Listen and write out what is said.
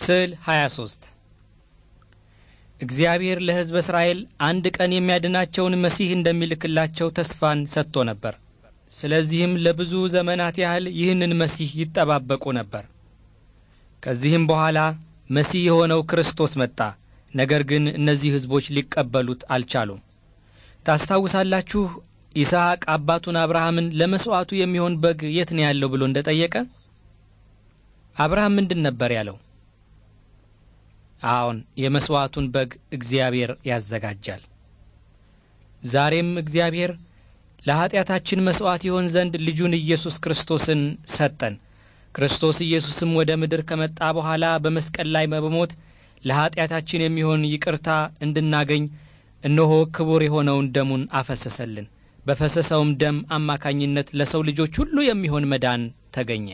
ስዕል 23 እግዚአብሔር ለሕዝብ እስራኤል አንድ ቀን የሚያድናቸውን መሲህ እንደሚልክላቸው ተስፋን ሰጥቶ ነበር። ስለዚህም ለብዙ ዘመናት ያህል ይህንን መሲህ ይጠባበቁ ነበር። ከዚህም በኋላ መሲህ የሆነው ክርስቶስ መጣ። ነገር ግን እነዚህ ሕዝቦች ሊቀበሉት አልቻሉም። ታስታውሳላችሁ ይስሐቅ አባቱን አብርሃምን ለመሥዋዕቱ የሚሆን በግ የት ነው ያለው ብሎ እንደ ጠየቀ አብርሃም ምንድን ነበር ያለው? አዎን የመሥዋዕቱን በግ እግዚአብሔር ያዘጋጃል። ዛሬም እግዚአብሔር ለኀጢአታችን መሥዋዕት ይሆን ዘንድ ልጁን ኢየሱስ ክርስቶስን ሰጠን። ክርስቶስ ኢየሱስም ወደ ምድር ከመጣ በኋላ በመስቀል ላይ በሞት ለኀጢአታችን የሚሆን ይቅርታ እንድናገኝ እነሆ ክቡር የሆነውን ደሙን አፈሰሰልን። በፈሰሰውም ደም አማካኝነት ለሰው ልጆች ሁሉ የሚሆን መዳን ተገኘ።